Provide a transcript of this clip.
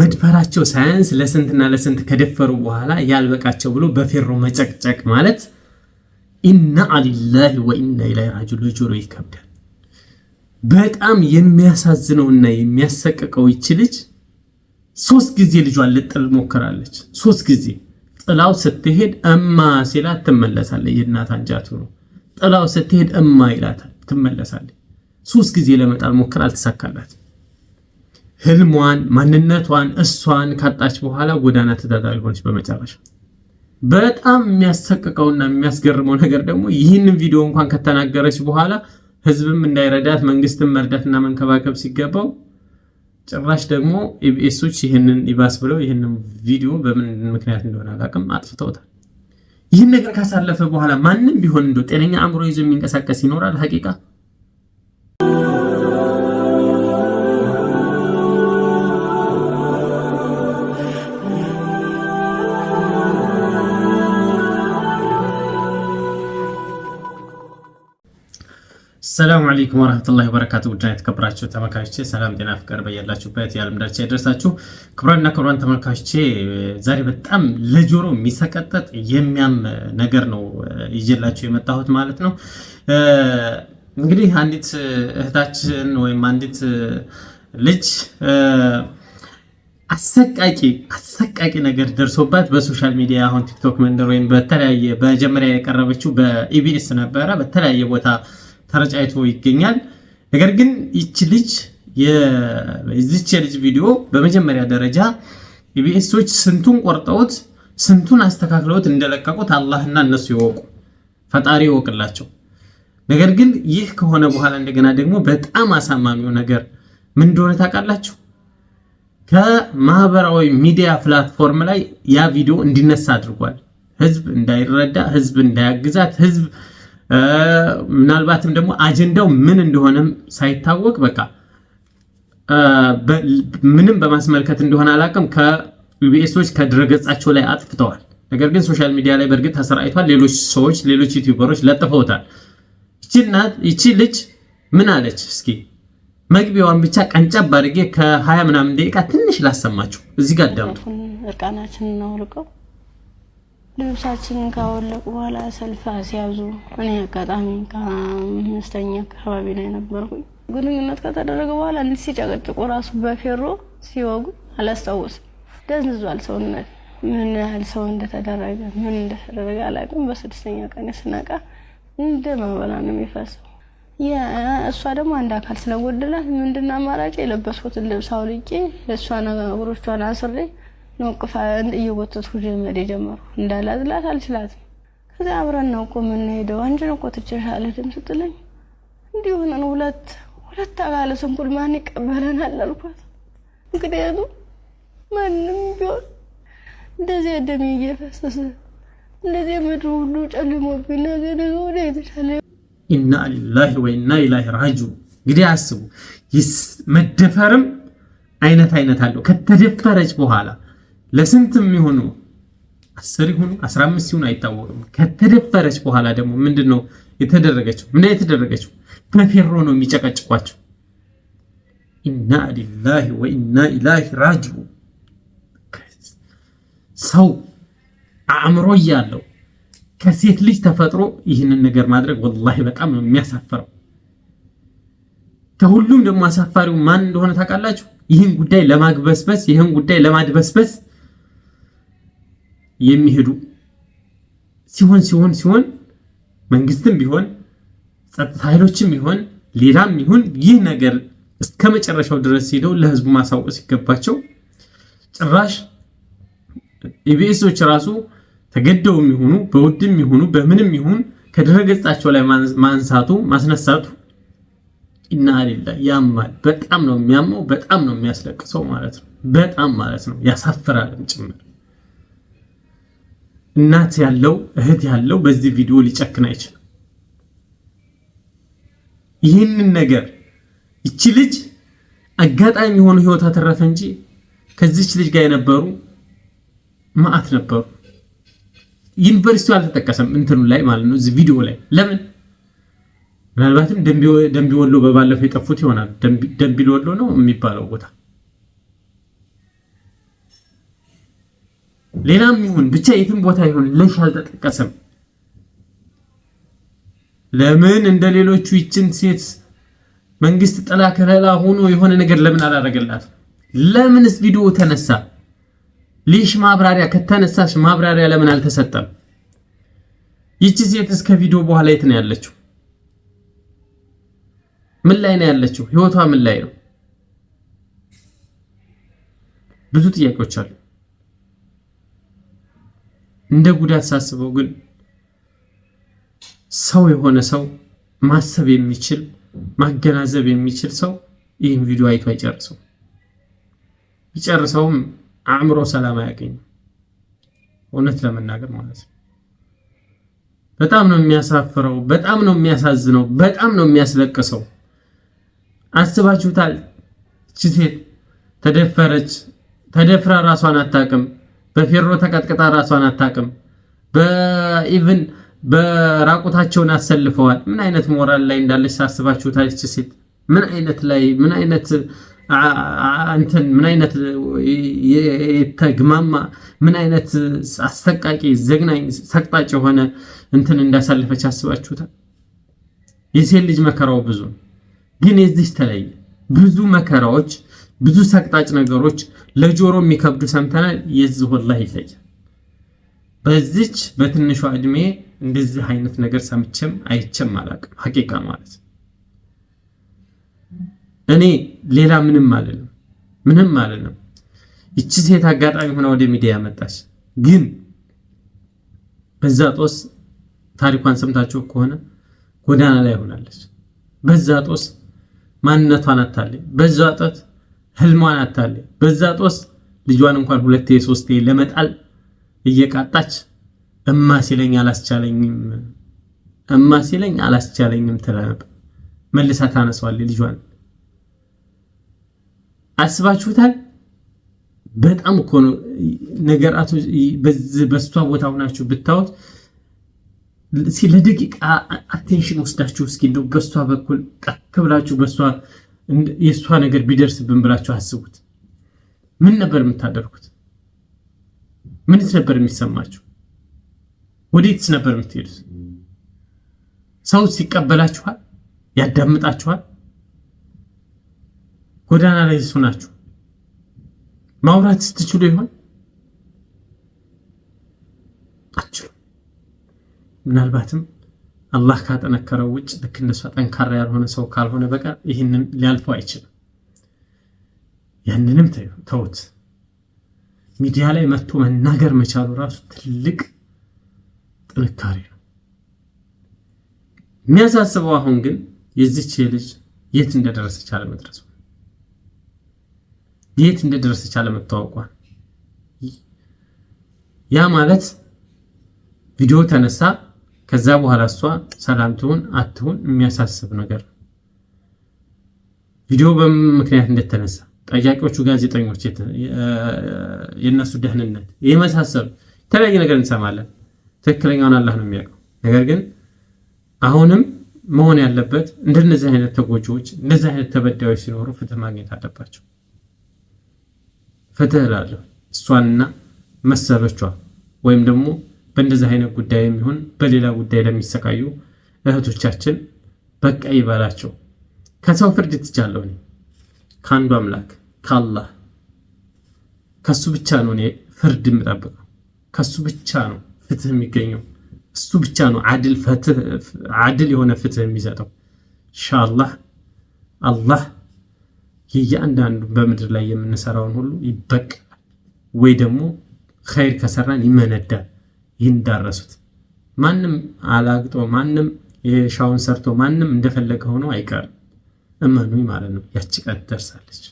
መድፈራቸው ሳያንስ ለስንትና ለስንት ከደፈሩ በኋላ ያልበቃቸው ብሎ በፌሮ መጨቅጨቅ ማለት ኢና አሊላሂ ወኢና ኢለይሂ ራጂዑን ለጆሮ ይከብዳል። በጣም የሚያሳዝነውና የሚያሰቅቀው ይች ልጅ ሶስት ጊዜ ልጇን ልጥል ሞክራለች። ሶስት ጊዜ ጥላው ስትሄድ እማ ሲላት ትመለሳለች። የእናት አንጃቱ ነው። ጥላው ስትሄድ እማ ይላታል፣ ትመለሳለች። ሶስት ጊዜ ለመጣል ሞክራ አልተሳካላት። ህልሟን፣ ማንነቷን፣ እሷን ካጣች በኋላ ጎዳና ተዳዳሪ ሆነች። በመጨረሻ በጣም የሚያሰቅቀውና የሚያስገርመው ነገር ደግሞ ይህንን ቪዲዮ እንኳን ከተናገረች በኋላ ህዝብም እንዳይረዳት መንግስትም መርዳትና መንከባከብ ሲገባው ጭራሽ ደግሞ ኢቢኤሶች ይህንን ይባስ ብለው ይህንን ቪዲዮ በምን ምክንያት እንደሆነ አላውቅም አጥፍተውታል። ይህን ነገር ካሳለፈ በኋላ ማንም ቢሆን እንደው ጤነኛ አእምሮ ይዞ የሚንቀሳቀስ ይኖራል ሀቂቃ ሰላም አለይኩም ወራህመቱላሂ ወበረካቱ። ውድና የተከበራችሁ ተመልካቾቼ ሰላም ጤና ፍቅር በያላችሁበት የዓለም ዳርቻ ይደርሳችሁ። ክቡራንና ክቡራን ተመልካቾቼ ዛሬ በጣም ለጆሮ የሚሰቀጠጥ የሚያም ነገር ነው ይዤላችሁ የመጣሁት ማለት ነው። እንግዲህ አንዲት እህታችን ወይም አንዲት ልጅ አሰቃቂ አሰቃቂ ነገር ደርሶባት በሶሻል ሚዲያ አሁን ቲክቶክ መንደር ወይም በተለያየ መጀመሪያ የቀረበችው በኢቢኤስ ነበረ በተለያየ ቦታ ተረጫይቶ ይገኛል። ነገር ግን ይቺ ልጅ የዚች የልጅ ቪዲዮ በመጀመሪያ ደረጃ ኢቢኤሶች ስንቱን ቆርጠውት ስንቱን አስተካክለውት እንደለቀቁት አላህና እነሱ ይወቁ፣ ፈጣሪ ይወቅላቸው። ነገር ግን ይህ ከሆነ በኋላ እንደገና ደግሞ በጣም አሳማሚው ነገር ምን እንደሆነ ታውቃላችሁ? ከማህበራዊ ሚዲያ ፕላትፎርም ላይ ያ ቪዲዮ እንዲነሳ አድርጓል። ህዝብ እንዳይረዳ፣ ህዝብ እንዳያግዛት፣ ህዝብ ምናልባትም ደግሞ አጀንዳው ምን እንደሆነም ሳይታወቅ በቃ ምንም በማስመልከት እንደሆነ አላውቅም። ከዩቢኤሶች ከድረገጻቸው ላይ አጥፍተዋል። ነገር ግን ሶሻል ሚዲያ ላይ በእርግጥ ተሰራይቷል። ሌሎች ሰዎች፣ ሌሎች ዩቲዩበሮች ለጥፈውታል። ይቺ ልጅ ምን አለች? እስኪ መግቢያዋን ብቻ ቀንጨብ አድርጌ ከሀያ ምናምን ደቂቃ ትንሽ ላሰማችሁ። እዚህ ጋር ዳምጡ። እርቃናችን ነው ልቀው ልብሳችን ካወለቁ በኋላ ሰልፍ ሲያዙ እኔ አጋጣሚ ከአምስተኛ አካባቢ ላይ ነበርኩኝ። ግንኙነት ከተደረገ በኋላ እንዲህ ሲጨቀጭቁ ራሱ በፌሮ ሲወጉ አላስታውስም። ደንዝዟል ሰውነት። ምን ያህል ሰው እንደተደረገ ምን እንደተደረገ አላውቅም። በስድስተኛ ቀን ስነቃ እንደ መበላ ነው የሚፈሰው። እሷ ደግሞ አንድ አካል ስለጎደላት ምንድን አማራጭ የለበስኩትን ልብስ አውልቄ እሷ እግሮቿን አስሬ ነው ቅፋ እየጎተትኩ ጀመር የጀመሩ እንዳላዝላት አልችላትም። ከዚያ አብረን ነው እኮ የምንሄደው አንቺን እኮ ትችልሻለሽ ስትለኝ እንዲሆነን ሁለት ሁለት አባለ ስንኩል ማን ይቀበለናል አልኳት። ምክንያቱም ማንም ቢሆን እንደዚህ ደም እየፈሰሰ እንደዚህ ምድር ሁሉ ጨልሞብኝ ነገ ነገ ወዲያ የተሻለ ኢና ሊላሂ ወኢና ኢላሂ ራጂዑን። እንግዲህ አስቡ መደፈርም አይነት አይነት አለው ከተደፈረች በኋላ ለስንት የሚሆኑ አስር ይሁን አስራ አምስት ይሁን አይታወቅም። ከተደፈረች በኋላ ደግሞ ምንድን ነው የተደረገችው? ምን የተደረገችው? በፌሮ ነው የሚጨቀጭቋቸው። ኢና ሊላሂ ወኢና ኢላሂ ራጅዑ። ሰው አእምሮ እያለው ከሴት ልጅ ተፈጥሮ ይህንን ነገር ማድረግ ወላሂ በጣም ነው የሚያሳፍረው። ከሁሉም ደግሞ አሳፋሪው ማን እንደሆነ ታውቃላችሁ? ይህን ጉዳይ ለማግበስበስ ይህን ጉዳይ ለማድበስበስ የሚሄዱ ሲሆን ሲሆን ሲሆን መንግስትም ቢሆን ጸጥታ ኃይሎችም ቢሆን ሌላም ይሁን ይህ ነገር እስከ መጨረሻው ድረስ ሄደው ለህዝቡ ማሳወቅ ሲገባቸው ጭራሽ ኢቢኤሶች ራሱ ተገደው የሚሆኑ በውድም ይሁኑ በምንም ይሁን ከድረገጻቸው ላይ ማንሳቱ ማስነሳቱ ኢና ሌላ ያማል። በጣም ነው የሚያመው፣ በጣም ነው የሚያስለቅሰው ማለት ነው። በጣም ማለት ነው ያሳፍራልም ጭምር። እናት ያለው እህት ያለው በዚህ ቪዲዮ ሊጨክን አይችልም። ይህንን ነገር ይቺ ልጅ አጋጣሚ የሆነ ህይወት አተረፈ እንጂ ከዚች ልጅ ጋር የነበሩ ማአት ነበሩ። ዩኒቨርሲቲው አልተጠቀሰም እንትኑ ላይ ማለት ነው፣ እዚህ ቪዲዮ ላይ ለምን ምናልባትም ደንቢ ወሎ በባለፈው የጠፉት ይሆናል። ደንቢ ወሎ ነው የሚባለው ቦታ ሌላም ይሁን ብቻ የትም ቦታ ይሁን ለሽ አልተጠቀሰም። ለምን እንደ ሌሎቹ ይችን ሴት መንግስት ጥላ ከለላ ሆኖ የሆነ ነገር ለምን አላደረገላት? ለምንስ ቪዲዮ ተነሳ? ሊሽ ማብራሪያ ከተነሳሽ ማብራሪያ ለምን አልተሰጠም? ይቺ ሴትስ ከቪዲዮ በኋላ የት ነው ያለችው? ምን ላይ ነው ያለችው? ህይወቷ ምን ላይ ነው? ብዙ ጥያቄዎች አሉ። እንደ ጉዳት ሳስበው ግን ሰው የሆነ ሰው ማሰብ የሚችል ማገናዘብ የሚችል ሰው ይህን ቪዲዮ አይቶ አይጨርሰው። ቢጨርሰውም አእምሮ ሰላም አያገኝም። እውነት ለመናገር ማለት ነው። በጣም ነው የሚያሳፍረው፣ በጣም ነው የሚያሳዝነው፣ በጣም ነው የሚያስለቅሰው። አስባችሁታል? ችሴት ተደፈረች፣ ተደፍራ ራሷን አታውቅም። በፌሮ ተቀጥቅጣ ራሷን አታቅም። በኢቭን በራቁታቸውን አሰልፈዋል። ምን አይነት ሞራል ላይ እንዳለች ሳስባችሁ ይች ሴት ምን አይነት ላይ ምን አይነት እንትን ምን አይነት የተግማማ ምን አይነት አስተቃቂ ዘግናኝ ሰቅጣጭ የሆነ እንትን እንዳሳለፈች አስባችሁታል። የሴት ልጅ መከራው ብዙ ግን የዚች ተለየ። ብዙ መከራዎች፣ ብዙ ሰቅጣጭ ነገሮች ለጆሮ የሚከብዱ ሰምተናል። የዚህ ወላሂ ይለያል። በዚች በትንሿ እድሜ እንደዚህ አይነት ነገር ሰምቼም አይቼም አላቅ ሀቂቃ ማለት እኔ ሌላ ምንም አልልም፣ ምንም አልልም። ይቺ ሴት አጋጣሚ ሆና ወደ ሚዲያ መጣች። ግን በዛ ጦስ ታሪኳን ሰምታችሁ ከሆነ ጎዳና ላይ ሆናለች። በዛ ጦስ ማንነቷን አታለች። በዛ ጦስ ህልሟን አታለ በዛ ጦስ ልጇን እንኳን ሁለቴ ሶስቴ ለመጣል እየቃጣች እማ ሲለኝ አላስቻለኝም፣ እማ ሲለኝ አላስቻለኝም ትለናል። መልሳ ታነሷል ልጇን። አስባችሁታል? በጣም እኮ ነው ነገራቱ። በዚህ በስቷ ቦታ ሆናችሁ ብታዩት ለደቂቃ አቴንሽን ወስዳችሁ እስኪ እንደው በስቷ በኩል ቀክ ብላችሁ በእሷ የእሷ ነገር ቢደርስብን ብላችሁ አስቡት። ምን ነበር የምታደርጉት? ምንስ ነበር የሚሰማችሁ? ወዴትስ ነበር የምትሄዱት? ሰው ሲቀበላችኋል? ያዳምጣችኋል? ጎዳና ላይ ሱ ናችሁ። ማውራት ስትችሉ ይሆን አችሉ ምናልባትም አላህ ካጠነከረው ውጭ ልክ እንደሷ ጠንካራ ያልሆነ ሰው ካልሆነ በቀር ይህንን ሊያልፈው አይችልም። ያንንም ተውት። ሚዲያ ላይ መጥቶ መናገር መቻሉ ራሱ ትልቅ ጥንካሬ ነው። የሚያሳስበው አሁን ግን የዚች ልጅ የት እንደደረሰች አለመድረሱ፣ የት እንደደረሰች አለመታወቋ። ያ ማለት ቪዲዮ ተነሳ ከዛ በኋላ እሷ ሰላም ትሁን አትሁን የሚያሳስብ ነገር ቪዲዮ በምን ምክንያት እንደተነሳ ጠያቂዎቹ፣ ጋዜጠኞች፣ የእነሱ ደህንነት የመሳሰሉ የተለያየ ነገር እንሰማለን። ትክክለኛውን አላህ ነው የሚያውቀው። ነገር ግን አሁንም መሆን ያለበት እንደነዚህ አይነት ተጎጂዎች እንደዚህ አይነት ተበዳዮች ሲኖሩ ፍትህ ማግኘት አለባቸው። ፍትህ ላለሁ እሷንና መሰሎቿ ወይም ደግሞ በእንደዚህ አይነት ጉዳይ የሚሆን በሌላ ጉዳይ ለሚሰቃዩ እህቶቻችን በቃ ይበላቸው። ከሰው ፍርድ ትቻለሁ እኔ ከአንዱ አምላክ ከአላህ ከሱ ብቻ ነው እኔ ፍርድ የምጠብቀው። ከሱ ብቻ ነው ፍትህ የሚገኘው። እሱ ብቻ ነው አድል የሆነ ፍትህ የሚሰጠው። ኢንሻአላህ አላህ የእያንዳንዱ በምድር ላይ የምንሰራውን ሁሉ ይበቅ ወይ ደግሞ ኸይር ከሰራን ይመነዳል። ይንዳረሱት። ማንም አላግጦ ማንም የሻውን ሰርቶ ማንም እንደፈለገ ሆኖ አይቀርም። እመኑኝ ማለት ነው። ያቺ ቀን ትደርሳለች።